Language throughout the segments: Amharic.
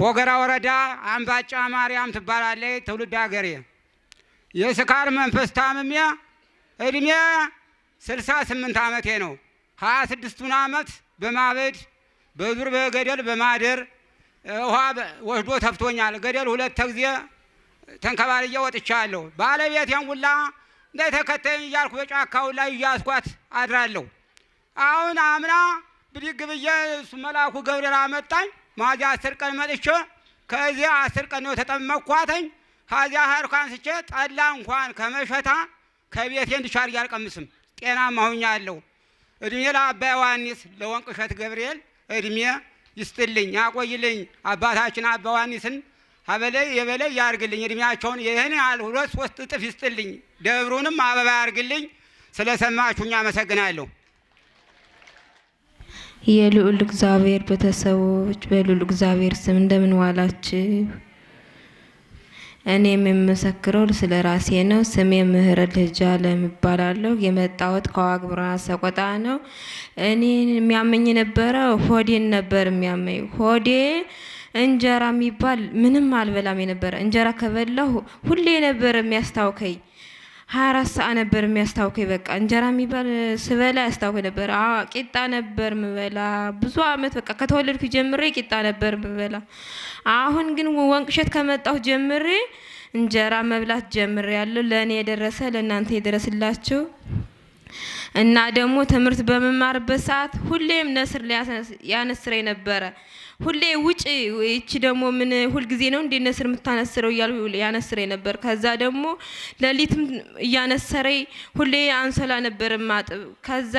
ፎገራ ወረዳ አምባጫ ማርያም ትባላለች ትውልድ ሀገሬ። የስካር መንፈስ ታምሜ እድሜ ስልሳ ስምንት ዓመቴ ነው። ሀያ ስድስቱን ዓመት በማበድ በዱር በገደል በማደር ውሃ ወስዶ ተፍቶኛል። ገደል ሁለት ጊዜ ተንከባልዬ ወጥቻለሁ። ባለቤቴን ሁላ እንደተከተኝ እያልኩ በጫካው ላይ እያስኳት አድራለሁ። አሁን አምና ብድግ ብዬ እሱ መልአኩ ገብርኤል አመጣኝ። ማዚያ አስር ቀን መጥቼ ከዚያ አስር ቀን ነው ተጠመኳተኝ። ከዚያ ሀርኳን ስቼ ጠላ እንኳን ከመሸታ ከቤቴ እንድሻር እያልቀምስም ጤናማ ሆኛለሁ። እድሜ ለአባ ዮሐንስ ለወንቅ እሸት ገብርኤል እድሜ ይስጥልኝ ያቆይልኝ። አባታችን አባ ዮሐንስን አበለይ የበለይ ያርግልኝ። እድሜያቸውን ይህን ያህል ሁለት ሶስት እጥፍ ይስጥልኝ። ደብሩንም አበባ ያርግልኝ። ስለሰማችሁኝ አመሰግናለሁ። የልዑል እግዚአብሔር ቤተሰቦች በልዑል እግዚአብሔር ስም እንደምን ዋላችሁ? እኔም የምመሰክረው ስለ ራሴ ነው። ስሜ ምህረት ልጃ አለም እባላለሁ። ከዋግብራ ሰቆጣ ነው። እኔ የሚያመኝ ነበረ ሆዴን ነበር የሚያመኝ ሆዴ እንጀራ የሚባል ምንም አልበላም የነበረ እንጀራ ከበላሁ ሁሌ ነበር የሚያስታውከኝ ሀያ አራት ሰዓት ነበር የሚያስታውከኝ። በቃ እንጀራ የሚባል ስበላ ያስታውከኝ ነበር። ቂጣ ነበር ምበላ ብዙ አመት በቃ ከተወለድኩ ጀምሬ ቂጣ ነበር ምበላ። አሁን ግን ወንቅሸት ከመጣሁ ጀምሬ እንጀራ መብላት ጀምሬ ያለው ለእኔ የደረሰ ለእናንተ የደረስላችሁ እና ደግሞ ትምህርት በመማርበት ሰዓት ሁሌም ነስር ያነስረኝ ነበረ። ሁሌ ውጭ ይቺ ደግሞ ምን ሁልጊዜ ነው እንዴ ነስር የምታነስረው እያሉ ያነስረ ነበር። ከዛ ደግሞ ሌሊትም እያነሰረኝ ሁሌ አንሶላ ነበር ማጥብ ከዛ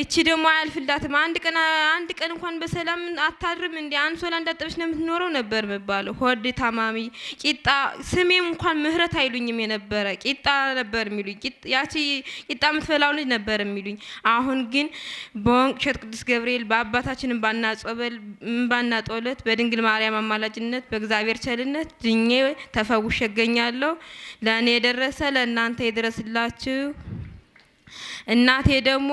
እቺ ደግሞ አያልፍላትም። አንድ ቀን አንድ ቀን እንኳን በሰላም አታድርም። እንዲ አንሶላ እንዳጠበች ነው የምትኖረው ነበር የምባለው። ሆድ ታማሚ ቂጣ ስሜም እንኳን ምህረት አይሉኝም የነበረ ቂጣ ነበር የሚሉኝ። ያቺ ቂጣ የምትበላው ልጅ ነበር የሚሉኝ። አሁን ግን በወንቅ እሸት ቅዱስ ገብርኤል በአባታችን እምባና ጸሎት በድንግል ማርያም አማላጅነት በእግዚአብሔር ቸልነት ድኜ ተፈውሽ እገኛለሁ። ለእኔ የደረሰ ለእናንተ የደረስላችሁ እናቴ ደግሞ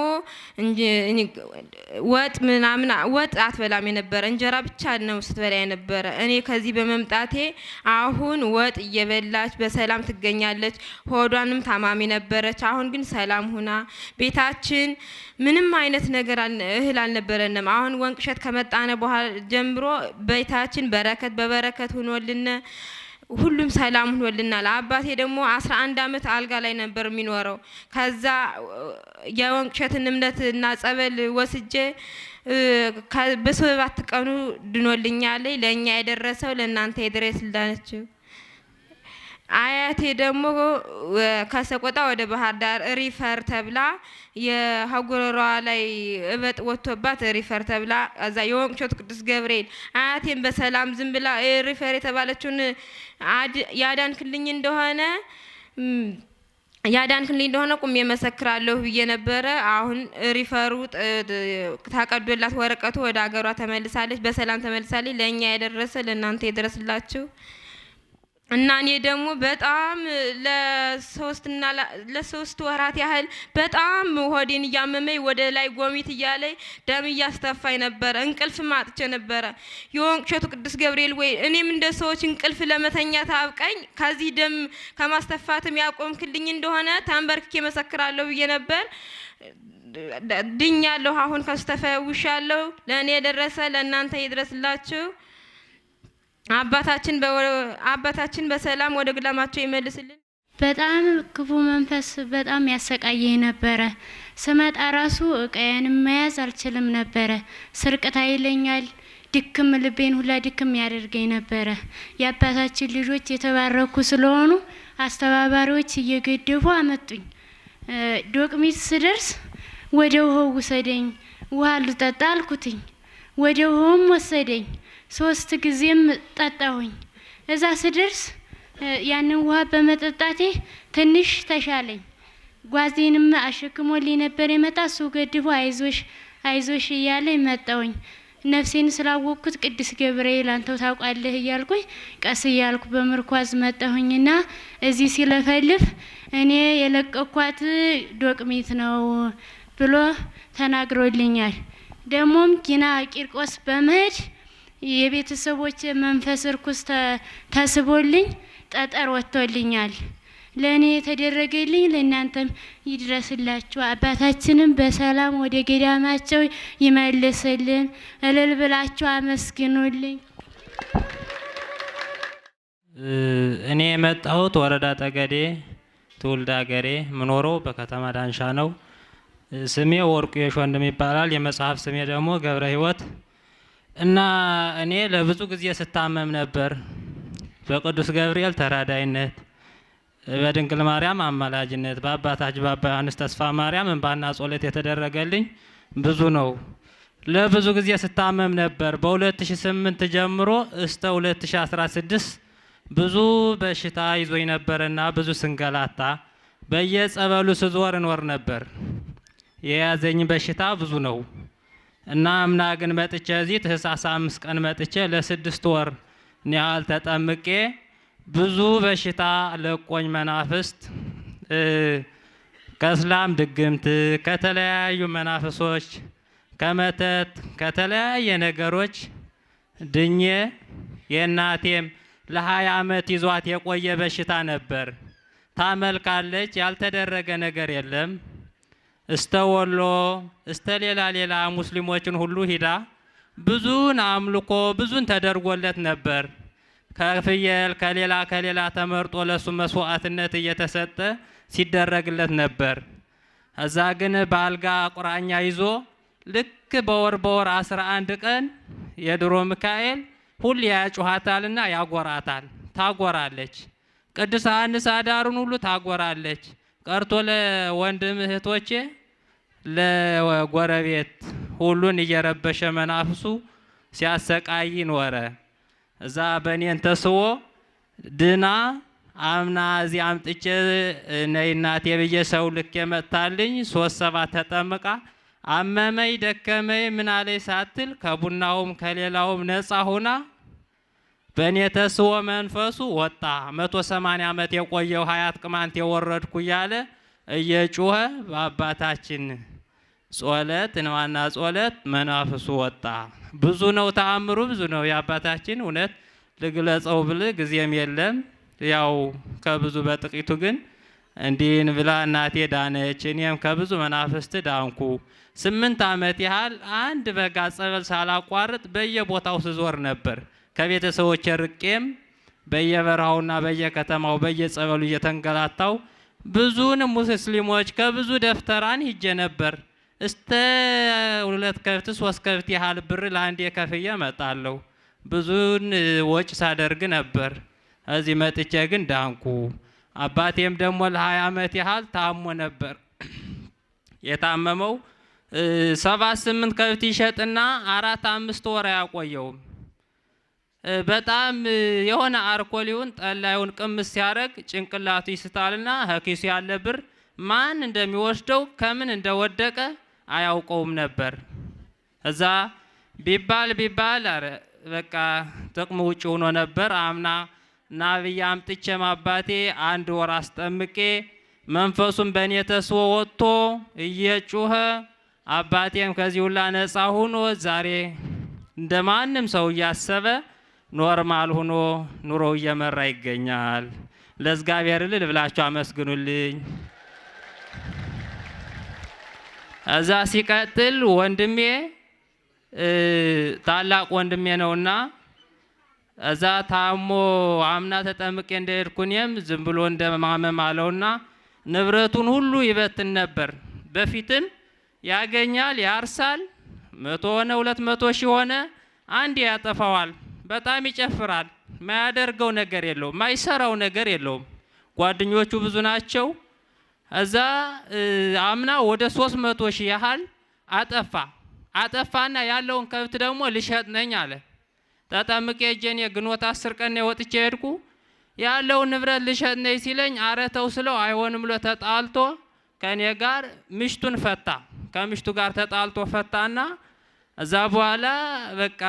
ወጥ ምናምን ወጥ አትበላም የነበረ እንጀራ ብቻ ነው ስትበላ የነበረ። እኔ ከዚህ በመምጣቴ አሁን ወጥ እየበላች በሰላም ትገኛለች። ሆዷንም ታማሚ ነበረች። አሁን ግን ሰላም ሁና ቤታችን ምንም አይነት ነገር እህል አልነበረንም። አሁን ወንቅ እሸት ከመጣነ በኋላ ጀምሮ ቤታችን በረከት በበረከት ሁኖልን ሁሉም ሰላም ሆኖልናል። አባቴ ደግሞ አስራ አንድ አመት አልጋ ላይ ነበር የሚኖረው። ከዛ የወንቅሸትን እና ጸበል ወስጄ በሰባት ቀኑ ድኖልኛለኝ። ለእኛ የደረሰው ለእናንተ ልዳነችው አያቴ ደግሞ ከሰቆጣ ወደ ባህር ዳር ሪፈር ተብላ የሀጉረሯ ላይ እበጥ ወጥቶባት ሪፈር ተብላ እዛ የወንቅቾት ቅዱስ ገብርኤል አያቴን በሰላም ዝም ብላ ሪፈር የተባለችውን ያዳንክልኝ እንደሆነ ያዳንክልኝ እንደሆነ ቁሜ የመሰክራለሁ ብዬ ነበረ። አሁን ሪፈሩ ታቀዶላት ወረቀቱ ወደ ሀገሯ ተመልሳለች፣ በሰላም ተመልሳለች። ለእኛ የደረሰ ለእናንተ የደረስላችሁ እና እኔ ደግሞ በጣም ለሶስትና ለሶስት ወራት ያህል በጣም ሆዴን እያመመኝ ወደ ላይ ጎሚት እያለኝ ደም እያስተፋኝ ነበረ። እንቅልፍ ማጥቼ ነበረ። የወንቅ እሸቱ ቅዱስ ገብርኤል ወይ እኔም እንደ ሰዎች እንቅልፍ ለመተኛ ታብቀኝ፣ ከዚህ ደም ከማስተፋትም ያቆምክልኝ እንደሆነ ተንበርክኬ መሰክራለሁ ብዬ ነበር። ድኛለሁ። አሁን ከስተፈውሻለሁ። ለእኔ የደረሰ ለእናንተ ይድረስላችሁ። አባታችን አባታችን በሰላም ወደ ግላማቸው ይመልስልን። በጣም ክፉ መንፈስ በጣም ያሰቃየኝ ነበረ። ስመጣ ራሱ እቃዬንም መያዝ አልችልም ነበረ። ስርቅታ ይለኛል። ድክም ልቤን ሁላ ድክም ያደርገኝ ነበረ። የአባታችን ልጆች የተባረኩ ስለሆኑ አስተባባሪዎች እየገደፉ አመጡኝ። ዶቅሚት ስደርስ ወደ ውሀው ውሰደኝ፣ ውሃ ልጠጣ አልኩትኝ። ወደ ውሀውም ወሰደኝ። ሶስት ጊዜም ጠጣሁኝ። እዛ ስደርስ ያንን ውሃ በመጠጣቴ ትንሽ ተሻለኝ። ጓዜንም አሸክሞልኝ ነበር የመጣ እሱ ገድቦ አይዞሽ አይዞሽ እያለ መጣውኝ። ነፍሴን ስላወቅኩት ቅዱስ ገብርኤል አንተው ታውቃለህ እያልኩኝ ቀስ እያልኩ በምርኳዝ መጣሁኝና እዚህ ሲለፈልፍ እኔ የለቀኳት ዶቅሚት ነው ብሎ ተናግሮልኛል። ደግሞም ጊና ቂርቆስ በመሄድ የቤተሰቦች መንፈስ እርኩስ ተስቦልኝ ጠጠር ወጥቶልኛል። ለእኔ የተደረገልኝ ለእናንተም ይድረስላችሁ። አባታችንም በሰላም ወደ ገዳማቸው ይመልስልን። እልል ብላችሁ አመስግኑልኝ። እኔ የመጣሁት ወረዳ ጠገዴ ትውልድ ሀገሬ ምኖረው በከተማ ዳንሻ ነው። ስሜ ወርቁ የሾንድም ይባላል። የመጽሐፍ ስሜ ደግሞ ገብረ ሕይወት እና እኔ ለብዙ ጊዜ ስታመም ነበር። በቅዱስ ገብርኤል ተራዳይነት፣ በድንግል ማርያም አማላጅነት፣ በአባታች በአባ ዮሐንስ ተስፋ ማርያም እንባና ጸሎት የተደረገልኝ ብዙ ነው። ለብዙ ጊዜ ስታመም ነበር። በ2008 ጀምሮ እስተ 2016 ብዙ በሽታ ይዞኝ ነበርና ብዙ ስንገላታ በየጸበሉ ስዞር እኖር ነበር። የያዘኝ በሽታ ብዙ ነው። እና አምና ግን መጥቼ እዚህ ታህሳስ አምስት ቀን መጥቼ ለስድስት ወር ያህል ተጠምቄ ብዙ በሽታ ለቆኝ መናፍስት ከእስላም ድግምት፣ ከተለያዩ መናፍሶች፣ ከመተት፣ ከተለያየ ነገሮች ድኜ የእናቴም ለሀያ ዓመት ይዟት የቆየ በሽታ ነበር። ታመልካለች፣ ያልተደረገ ነገር የለም እስተ ወሎ እስተ ሌላ ሌላ ሙስሊሞችን ሁሉ ሂዳ ብዙን አምልኮ ብዙን ተደርጎለት ነበር። ከፍየል ከሌላ ከሌላ ተመርጦ ለሱ መስዋዕትነት እየተሰጠ ሲደረግለት ነበር። እዛ ግን በአልጋ ቁራኛ ይዞ ልክ በወር በወር አስራ አንድ ቀን የድሮ ሚካኤል ሁሌ ያጩኋታልና ያጎራታል። ታጎራለች። ቅዱስ ቅዱሳን ሳዳሩን ሁሉ ታጎራለች። ቀርቶ ለወንድም እህቶቼ፣ ለጎረቤት ሁሉን እየረበሸ መናፍሱ ሲያሰቃይ ኖረ። እዛ በእኔን ተስቦ ድና አምና እዚህ አምጥቼ ነይ እናቴ ብዬ ሰው ልክ የመጣልኝ ሶስት ሰባ ተጠምቃ አመመኝ ደከመኝ ምናለይ ሳትል ከቡናውም ከሌላውም ነፃ ሁና በእኔ ተስቦ መንፈሱ ወጣ መቶ ሰማንያ ዓመት የቆየው ሀያት ቅማንት የወረድኩ እያለ እየጮኸ በአባታችን ጾለት ንዋና ጾለት መናፍሱ ወጣ። ብዙ ነው ተአምሩ፣ ብዙ ነው የአባታችን እውነት ልግለጸው ብል ጊዜም የለም። ያው ከብዙ በጥቂቱ ግን እንዲህን ብላ እናቴ ዳነች፣ እኔም ከብዙ መናፍስት ዳንኩ። ስምንት ዓመት ያህል አንድ በጋ ጸበል ሳላቋርጥ በየቦታው ስዞር ነበር። ከቤተሰቦች ርቄም በየበረሃውና በየከተማው በየጸበሉ እየተንገላታው ብዙን ሙስሊሞች ከብዙ ደፍተራን ሂጄ ነበር። እስተ ሁለት ከብት ሶስት ከብት ያህል ብር ለአንድ የከፍዬ መጣለሁ። ብዙን ወጭ ሳደርግ ነበር። እዚህ መጥቼ ግን ዳንኩ። አባቴም ደግሞ ለሀያ ዓመት ያህል ታሞ ነበር። የታመመው ሰባት ስምንት ከብት ይሸጥና አራት አምስት ወር አያቆየውም። በጣም የሆነ አርኮሊውን ጠላዩን ቅምስ ሲያደርግ ጭንቅላቱ ይስታልና ከኪሱ ያለ ብር ማን እንደሚወስደው ከምን እንደወደቀ አያውቀውም ነበር። እዛ ቢባል ቢባል አረ በቃ ጥቅሙ ውጭ ሆኖ ነበር። አምና ናብያ አምጥቼ ማባቴ አንድ ወር አስጠምቄ መንፈሱን በእኔ ተስቦ ወጥቶ እየጩኸ አባቴም ከዚህ ሁላ ነፃ ሁኖ ዛሬ እንደማንም ሰው እያሰበ ኖርማል ሆኖ ኑሮ እየመራ ይገኛል። ለእግዚአብሔር እልል ብላችሁ አመስግኑልኝ። እዛ ሲቀጥል ወንድሜ ታላቅ ወንድሜ ነውና እዛ ታሞ አምና ተጠምቄ እንደሄድኩኝም ዝም ብሎ እንደማመም አለውና ንብረቱን ሁሉ ይበትን ነበር። በፊትም ያገኛል፣ ያርሳል። መቶ ሆነ ሁለት መቶ ሺህ ሆነ አንድ ያጠፋዋል። በጣም ይጨፍራል። ማያደርገው ነገር የለውም። ማይሰራው ነገር የለውም። ጓደኞቹ ብዙ ናቸው። እዛ አምና ወደ ሶስት መቶ ሺህ ያህል አጠፋ አጠፋና ያለውን ከብት ደግሞ ልሸጥ ነኝ አለ። ተጠምቄ እጄን የግንቦት አስር ቀን የወጥቼ ሄድኩ ያለውን ንብረት ልሸጥ ነኝ ሲለኝ አረተው ስለው አይሆንም ብሎ ተጣልቶ ከእኔ ጋር ምሽቱን ፈታ። ከምሽቱ ጋር ተጣልቶ ፈታና እዛ በኋላ በቃ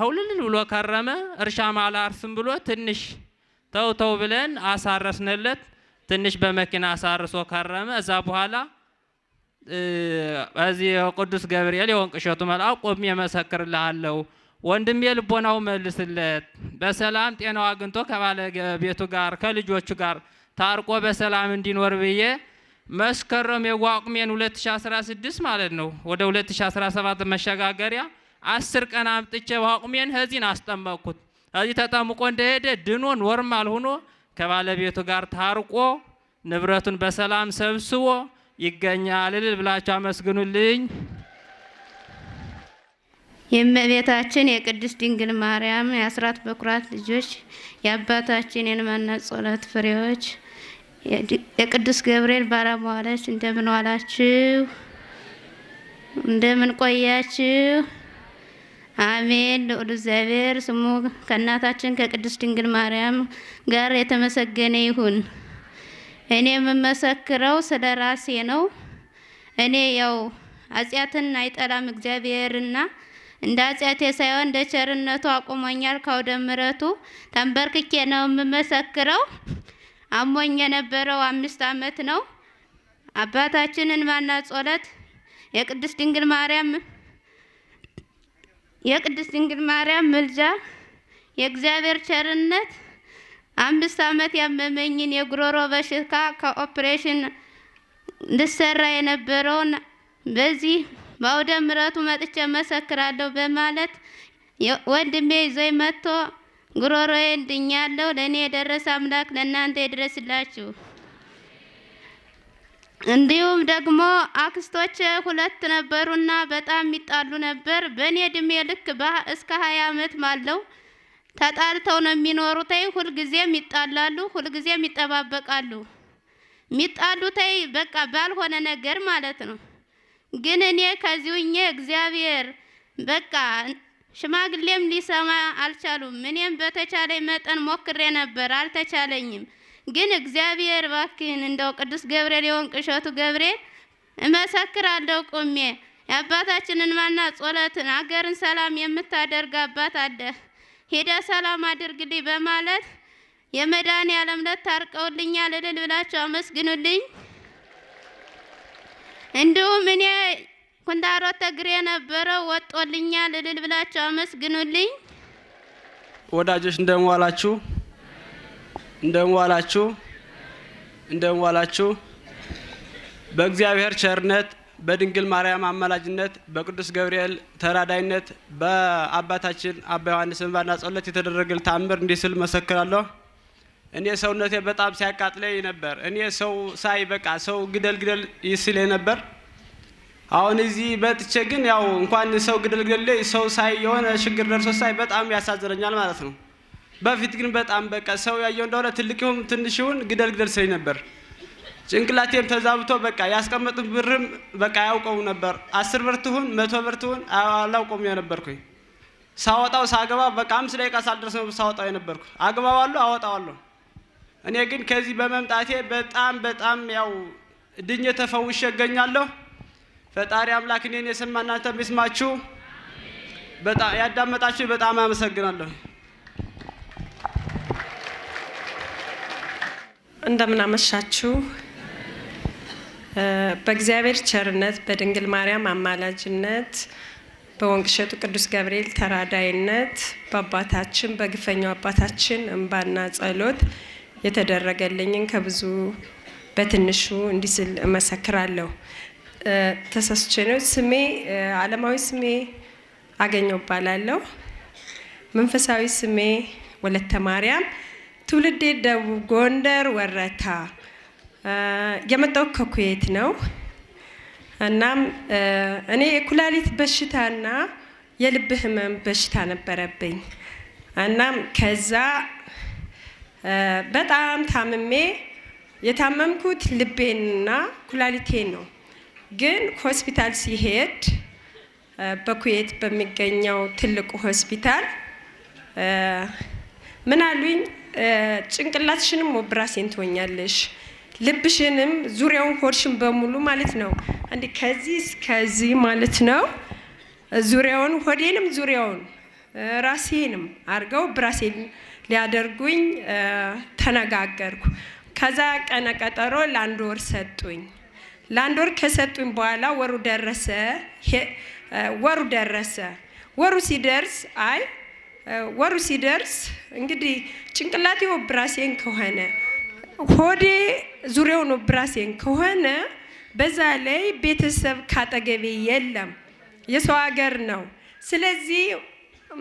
ሀውልልል ብሎ ከረመ። እርሻ አርስም ብሎ ትንሽ ተው ተው ብለን አሳረስንለት። ትንሽ በመኪና አሳርሶ ከረመ። እዛ በኋላ በዚህ ቅዱስ ገብርኤል የወንቅ እሸቱ መልአክ ቆሜ መሰክርልሃለሁ ወንድሜ ልቦናው መልስለት፣ በሰላም ጤናው አግኝቶ ከባለቤቱ ጋር ከልጆቹ ጋር ታርቆ በሰላም እንዲኖር ብዬ መስከረም የዋቅሜን 2016 ማለት ነው ወደ 2017 መሸጋገሪያ አስር ቀን አምጥቼ ዋቅሜን ህዚን አስጠመቅኩት። እዚህ ተጠምቆ እንደሄደ ድኖ ኖርማል ሆኖ ከባለቤቱ ጋር ታርቆ ንብረቱን በሰላም ሰብስቦ ይገኛል። እልል ብላችሁ አመስግኑልኝ። የእመቤታችን የቅድስት ድንግል ማርያም የአስራት በኩራት ልጆች የአባታችን የልመና ጸሎት ፍሬዎች የቅዱስ ገብርኤል ባለሟሎች እንደምን ዋላችሁ? እንደምን ቆያችሁ? አሜን። ልዑል እግዚአብሔር ስሙ ከእናታችን ከቅድስት ድንግል ማርያም ጋር የተመሰገነ ይሁን። እኔ የምመሰክረው ስለ ራሴ ነው። እኔ ያው አጽያትን አይጠላም እግዚአብሔርና እንደ አጽያቴ ሳይሆን እንደ ቸርነቱ አቁሞኛል። ካውደ ምሕረቱ ተንበርክኬ ነው የምመሰክረው። አሞኝ የነበረው አምስት አመት ነው። አባታችን ማና ጸሎት የቅድስት ድንግል ማርያም የቅድስት ድንግል ማርያም ምልጃ የእግዚአብሔር ቸርነት አምስት አመት ያመመኝን የጉሮሮ በሽታ ከኦፕሬሽን ልሰራ የነበረውን በዚህ በአውደ ምሕረቱ መጥቼ መሰክራለሁ በማለት ወንድሜ ይዞኝ መጥቶ ጉሮሮዬን ድኛለሁ። ለእኔ የደረሰ አምላክ ለእናንተ ይድረስላችሁ። እንዲሁም ደግሞ አክስቶች ሁለት ነበሩና በጣም የሚጣሉ ነበር። በእኔ እድሜ ልክ እስከ ሀያ አመት ማለው ተጣልተው ነው የሚኖሩተይ። ሁልጊዜም ይጣላሉ፣ ሁልጊዜም ይጠባበቃሉ። የሚጣሉተይ በቃ ባልሆነ ነገር ማለት ነው። ግን እኔ ከዚሁኜ እግዚአብሔር በቃ ሽማግሌም ሊሰማ አልቻሉም። እኔም በተቻለ መጠን ሞክሬ ነበር፣ አልተቻለኝም። ግን እግዚአብሔር ባክህን እንደው ቅዱስ ገብርኤል የወንቅ እሸቱ ገብርኤል እመሰክራለሁ ቁሜ የአባታችንን ማና ጸሎትን አገርን ሰላም የምታደርግ አባት አለ ሄደ ሰላም አድርግልኝ በማለት የመድኃኔ ዓለም ዕለት ታርቀውልኛል። እልል አመስግኑልኝ። እንዲሁም እኔ ኩንዳሮ ተግሬ ነበረ ወጦልኛ እልል ብላችሁ አመስግኑልኝ። ወዳጆች እንደምን ዋላችሁ? እንደምን እንደምን በእግዚአብሔር ቸርነት በድንግል ማርያም አማላጅነት በቅዱስ ገብርኤል ተራዳይነት በአባታችን አባ ዮሐንስ እንባና ጸሎት የተደረገል ታምር እንዲህ ስል መሰክራለሁ። እኔ ሰውነቴ በጣም ሲያቃጥለኝ ነበር። እኔ ሰው ሳይ በቃ ሰው ግደል ግደል ይስል ነበር። አሁን እዚህ መጥቼ ግን ያው እንኳን ሰው ግደል ገሌ ሰው ሳይ የሆነ ችግር ደርሶ ሳይ በጣም ያሳዝረኛል ማለት ነው። በፊት ግን በጣም በቃ ሰው ያየው እንደሆነ ትልቅ ይሁን ትንሽ ይሁን ግደል ግደል ነበር። ጭንቅላቴም ተዛብቶ በቃ ያስቀመጡት ብርም በቃ ያውቀው ነበር። አስር ብር ትሁን መቶ ብር ትሁን አላውቀውም የነበርኩኝ ሳወጣው ሳገባ በቃ አምስት ደቂቃ ሳልደርስ ነው ሳወጣው የነበርኩ። አግባባለሁ፣ አወጣዋለሁ። እኔ ግን ከዚህ በመምጣቴ በጣም በጣም ያው ድኜ ተፈውሼ እገኛለሁ። ፈጣሪ አምላክ እኔን የሰማ እናንተ በጣም ያዳመጣችሁ በጣም አመሰግናለሁ። እንደምን አመሻችሁ። በእግዚአብሔር ቸርነት በድንግል ማርያም አማላጅነት በወንቅሸቱ ቅዱስ ገብርኤል ተራዳይነት በአባታችን በግፈኛው አባታችን እንባና ጸሎት የተደረገልኝን ከብዙ በትንሹ እንዲህ ስል እመሰክራለሁ። ተሳስቼ ነው። ስሜ ዓለማዊ ስሜ አገኘው እባላለሁ። መንፈሳዊ ስሜ ወለተ ማርያም፣ ትውልዴ ደቡብ ጎንደር ወረታ፣ የመጣው ከኩዌት ነው። እናም እኔ የኩላሊት በሽታና የልብ ህመም በሽታ ነበረብኝ። እናም ከዛ በጣም ታምሜ የታመምኩት ልቤንና ኩላሊቴን ነው። ግን ሆስፒታል ሲሄድ በኩዌት በሚገኘው ትልቁ ሆስፒታል ምን አሉኝ፣ ጭንቅላትሽንም ኦፕራሲዮን ትሆኛለሽ፣ ልብሽንም ዙሪያውን ሆድሽን በሙሉ ማለት ነው። አንዴ ከዚህ እስከዚህ ማለት ነው። ዙሪያውን ሆዴንም ዙሪያውን ራሴንም አድርገው ብራሴን ሊያደርጉኝ ተነጋገርኩ። ከዛ ቀነ ቀጠሮ ለአንድ ወር ሰጡኝ። ለአንድ ወር ከሰጡኝ በኋላ ወሩ ደረሰ ወሩ ደረሰ። ወሩ ሲደርስ አይ ወሩ ሲደርስ እንግዲህ ጭንቅላቴ ኦፕራሴን ከሆነ ሆዴ ዙሪያውን ኦፕራሴን ከሆነ በዛ ላይ ቤተሰብ ካጠገቤ የለም፣ የሰው ሀገር ነው። ስለዚህ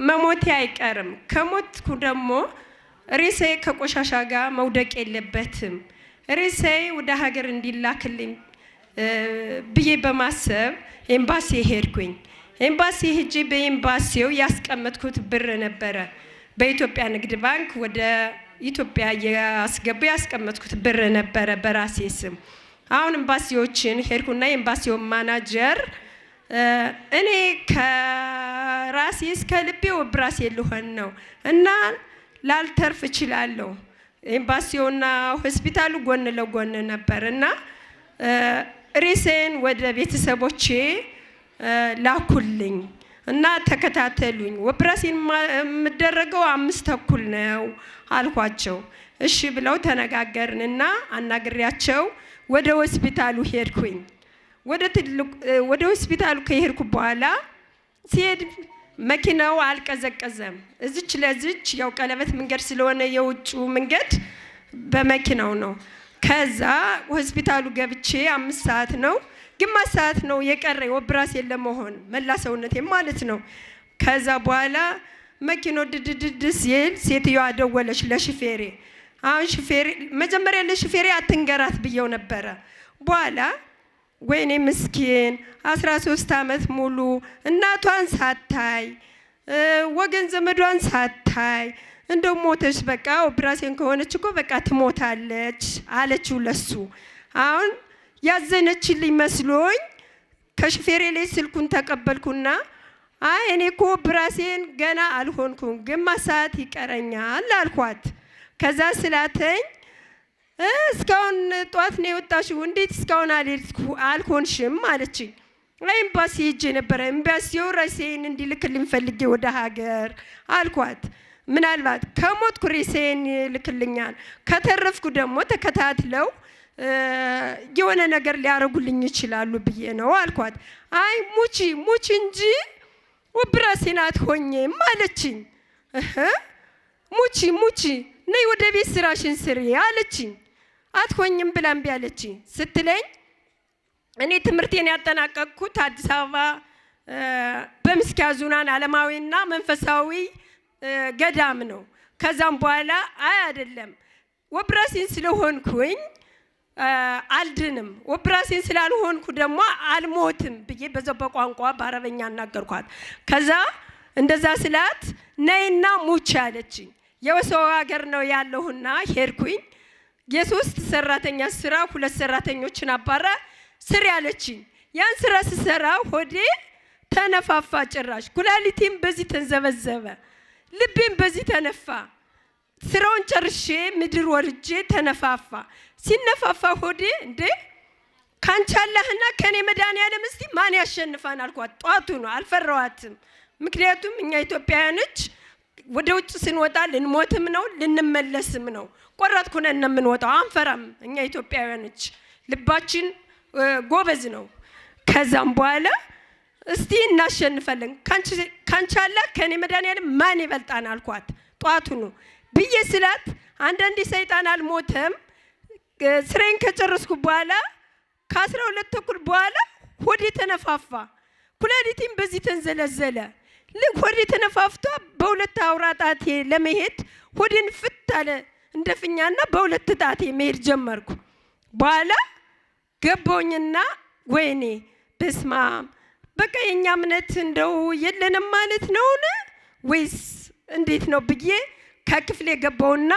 መሞቴ አይቀርም። ከሞትኩ ደግሞ ሬሳዬ ከቆሻሻ ጋር መውደቅ የለበትም። ሬሳዬ ወደ ሀገር እንዲላክልኝ ብዬ በማሰብ ኤምባሲ ሄድኩኝ። ኤምባሲ ሄጄ በኤምባሲው ያስቀመጥኩት ብር ነበረ በኢትዮጵያ ንግድ ባንክ ወደ ኢትዮጵያ እያስገቡ ያስቀመጥኩት ብር ነበረ በራሴ ስም። አሁን ኤምባሲዎችን ሄድኩና የኤምባሲውን ማናጀር እኔ ከራሴ እስከ ልቤ ወብራሴ ልሆን ነው እና ላልተርፍ እችላለሁ። ኤምባሲውና ሆስፒታሉ ጎን ለጎን ነበር እና ርዕሴን ወደ ቤተሰቦቼ ላኩልኝ እና ተከታተሉኝ። ኦፕራሲን የምደረገው አምስት ተኩል ነው አልኳቸው። እሺ ብለው ተነጋገርንና አናግሪያቸው ወደ ሆስፒታሉ ሄድኩኝ። ወደ ሆስፒታሉ ከሄድኩ በኋላ ሲሄድ መኪናው አልቀዘቀዘም። እዚች ለዚች ያው ቀለበት መንገድ ስለሆነ የውጭ መንገድ በመኪናው ነው ከዛ ሆስፒታሉ ገብቼ አምስት ሰዓት ነው ግማሽ ሰዓት ነው የቀረ ወብራሴ ለመሆን መላ ማለት ነው። ከዛ በኋላ መኪኖ ድድድድ ሲል ሴትዮዋ ደወለች ለሽፌሬ። አሁን ሽፌሬ መጀመሪያ ለሽፌሬ አትንገራት ብየው ነበረ። በኋላ ወይኔ ምስኪን አስራ ሶስት ዓመት ሙሉ እናቷን ሳታይ ወገን ዘመዷን ሳታይ እንደው ሞተች በቃ ኦፕራሴን ከሆነች እኮ በቃ ትሞታለች አለችው ለሱ። አሁን ያዘነችልኝ መስሎኝ ከሽፌሬ ላይ ስልኩን ተቀበልኩና አይ እኔ እኮ ኦፕራሴን ገና አልሆንኩም ግማሽ ሰዓት ይቀረኛል አልኳት። ከዛ ስላተኝ እስካሁን ጧት ነው የወጣሽው፣ እንዴት እስካሁን አልሆንሽም አለችኝ። ኤምባሲ ሄጄ ነበረ ኤምባሲው ራሴን እንዲልክልኝ ፈልጌ ወደ ሀገር አልኳት። ምናልባት ከሞትኩ ሬሴን ይልክልኛል፣ ከተረፍኩ ደግሞ ተከታትለው የሆነ ነገር ሊያደርጉልኝ ይችላሉ ብዬ ነው አልኳት። አይ ሙቺ ሙቺ እንጂ ውብራሴናት ሆኜም አለችኝ። ሙቺ ሙቺ ነይ ወደ ቤት ስራሽን ስሪ አለችኝ። አትሆኝም ብላ እምቢ አለችኝ ስትለኝ እኔ ትምህርቴን ያጠናቀቅኩት አዲስ አበባ በምስኪያ ዙናን ዓለማዊና መንፈሳዊ ገዳም ነው። ከዛም በኋላ አይ አይደለም ወብራሲን ስለሆንኩኝ አልድንም ወብራሲን ስላልሆንኩ ደግሞ አልሞትም ብዬ በዛው በቋንቋ በአረበኛ እናገርኳት። ከዛ እንደዛ ስላት ነይና ሙች አለችኝ። የወሰው ሀገር ነው ያለሁና ሄድኩኝ። የሶስት ሰራተኛ ስራ ሁለት ሰራተኞችን አባራ ስር ያለችኝ። ያን ስራ ስሰራ ሆዴ ተነፋፋ፣ ጭራሽ ኩላሊቴም በዚህ ተንዘበዘበ። ልቤም በዚህ ተነፋ። ስራውን ጨርሼ ምድር ወርጄ ተነፋፋ። ሲነፋፋ ሆዴ እንዴ ከአንቺ አላህና ከእኔ መድኃኒዓለም እስቲ ማን ያሸንፋን አልኳት። ጧቱ ነው አልፈራዋትም። ምክንያቱም እኛ ኢትዮጵያውያኖች ወደ ውጭ ስንወጣ ልንሞትም ነው ልንመለስም ነው። ቆራጥ ኩነን የምንወጣው። አንፈራም እኛ ኢትዮጵያውያኖች፣ ልባችን ጎበዝ ነው። ከዛም በኋላ እስቲ እናሸንፋለን ካንቺ አለ ከኔ መድኃኒዓለም ማን ይበልጣን አልኳት። ጧቱኑ ብዬ ስላት አንዳንዴ ሰይጣን አልሞተም። ስሬን ከጨረስኩ በኋላ ከአስራ ሁለት ተኩል በኋላ ሆዴ ተነፋፋ፣ ኩላሊቴም በዚህ ተንዘለዘለ። ሆዴ ተነፋፍቷ በሁለት አውራ ጣቴ ለመሄድ ሆዴን ፍት አለ እንደ ፊኛና በሁለት ጣቴ መሄድ ጀመርኩ። በኋላ ገባውኝና ወይኔ በስማም በቃ የእኛ እምነት እንደው የለንም ማለት ነውን ወይስ እንዴት ነው ብዬ ከክፍል የገባውና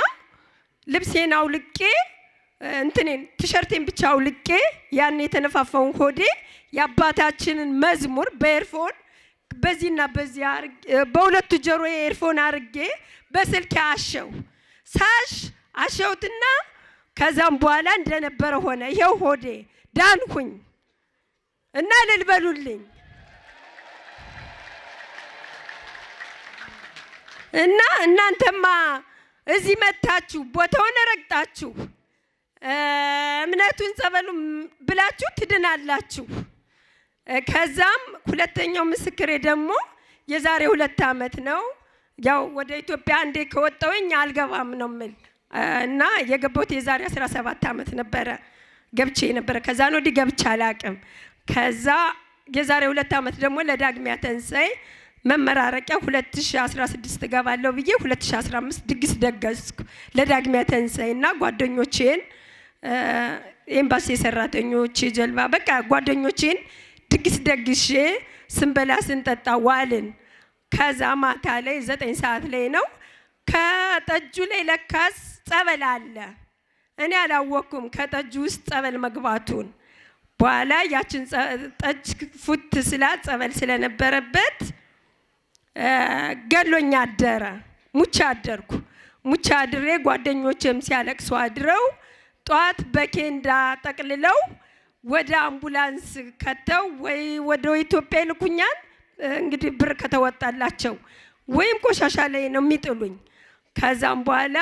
ልብሴን አውልቄ እንትኔን ቲሸርቴን ብቻ አውልቄ ያን የተነፋፋውን ሆዴ የአባታችንን መዝሙር በኤርፎን በዚህና በዚህ በሁለቱ ጆሮ የኤርፎን አርጌ በስልክ አሸው ሳሽ አሸውትና ከዛም በኋላ እንደነበረ ሆነ። ይኸው ሆዴ ዳንኩኝ እና ልልበሉልኝ እና እናንተማ እዚህ መታችሁ ቦታውን ረግጣችሁ እምነቱን ጸበሉ ብላችሁ ትድናላችሁ። ከዛም ሁለተኛው ምስክሬ ደግሞ የዛሬ ሁለት ዓመት ነው። ያው ወደ ኢትዮጵያ አንዴ ከወጣሁኝ አልገባም ነው ምል እና የገባሁት የዛሬ 17 ዓመት ነበረ ገብቼ ነበረ። ከዛን ወዲህ ገብቼ አላቅም። ከዛ የዛሬ ሁለት ዓመት ደግሞ ለዳግሚያ ተንሳይ መመራረቂያ 2016 እገባለሁ ብዬ 2015 ድግስ ደገስኩ ለዳግሚያ ተንሳይ ጓደኞቼን ኤምባሲ የሰራተኞች ጀልባ በቃ ጓደኞቼን ድግስ ደግሼ ስንበላ ስንጠጣ ዋልን። ከዛ ማታ ላይ ዘጠኝ ሰዓት ላይ ነው ከጠጁ ላይ ለካስ ጸበል አለ። እኔ አላወቅኩም ከጠጁ ውስጥ ጸበል መግባቱን። በኋላ ያችን ጠጅ ፉት ስላ ጸበል ስለነበረበት ገሎኛ አደረ። ሙቻ አደርኩ። ሙቻ አድሬ ጓደኞቼም ሲያለቅሱ አድረው ጧት በኬንዳ ጠቅልለው ወደ አምቡላንስ ከተው ወይ ወደ ኢትዮጵያ ይልኩኛል። እንግዲህ ብር ከተወጣላቸው ወይም ቆሻሻ ላይ ነው የሚጥሉኝ። ከዛም በኋላ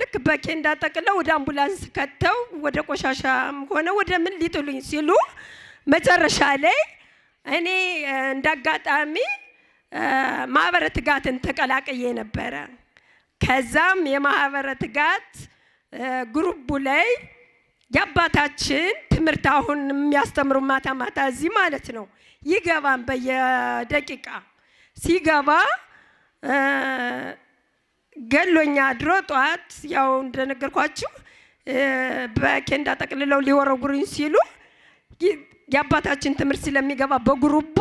ልክ በኬንዳ ጠቅለው ወደ አምቡላንስ ከተው ወደ ቆሻሻም ሆነ ወደ ምን ሊጥሉኝ ሲሉ መጨረሻ ላይ እኔ እንዳጋጣሚ ማህበረ ትጋትን ተቀላቅዬ ነበረ። ከዛም የማህበረ ትጋት ግሩቡ ላይ የአባታችን ትምህርት አሁን የሚያስተምሩ ማታ ማታ እዚህ ማለት ነው ይገባን በየደቂቃ ሲገባ ገሎኛ ድሮ ጠዋት ያው እንደነገርኳችሁ በኬንዳ ጠቅልለው ሊወረጉሩኝ ሲሉ የአባታችን ትምህርት ስለሚገባ በጉሩቡ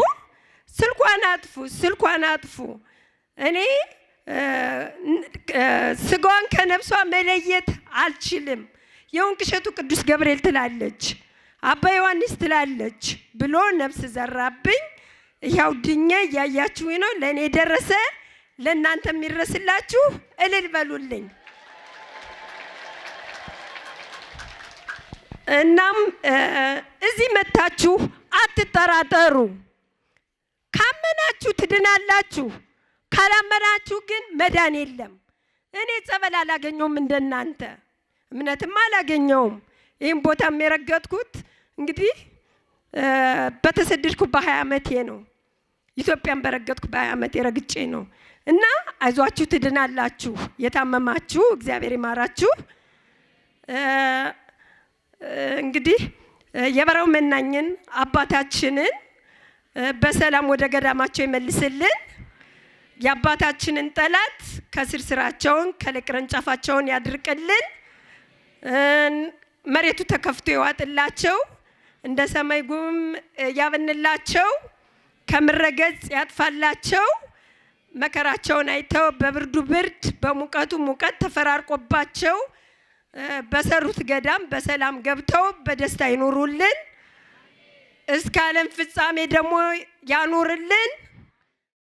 ስልኳን አጥፉ፣ ስልኳን አጥፉ። እኔ ስጋዋን ከነብሷ መለየት አልችልም። የወንቅ እሸቱ ቅዱስ ገብርኤል ትላለች፣ አባ ዮሐንስ ትላለች ብሎ ነፍስ ዘራብኝ። ያው ድኜ እያያችሁ ነው። ለእኔ ደረሰ፣ ለእናንተ የሚደርስላችሁ እልል በሉልኝ። እናም እዚህ መታችሁ አትጠራጠሩ። ካላመናችሁ ትድናላችሁ፣ ካላመናችሁ ግን መዳን የለም። እኔ ጸበል አላገኘውም እንደናንተ እምነትም አላገኘውም። ይህም ቦታ የረገጥኩት እንግዲህ በተሰደድኩ በሀያ ዓመቴ ነው። ኢትዮጵያን በረገጥኩ በሀያ ዓመቴ ረግጬ ነው እና አይዟችሁ ትድናላችሁ። የታመማችሁ እግዚአብሔር ይማራችሁ። እንግዲህ የበረው መናኝን አባታችንን በሰላም ወደ ገዳማቸው ይመልስልን። የአባታችንን ጠላት ከስር ስራቸውን ከቅርንጫፋቸውን ያድርቅልን። መሬቱ ተከፍቶ ይዋጥላቸው። እንደ ሰማይ ጉም ያብንላቸው። ከምረገጽ ያጥፋላቸው። መከራቸውን አይተው በብርዱ ብርድ በሙቀቱ ሙቀት ተፈራርቆባቸው በሰሩት ገዳም በሰላም ገብተው በደስታ ይኖሩልን። እስከ ዓለም ፍጻሜ ደግሞ ያኑርልን።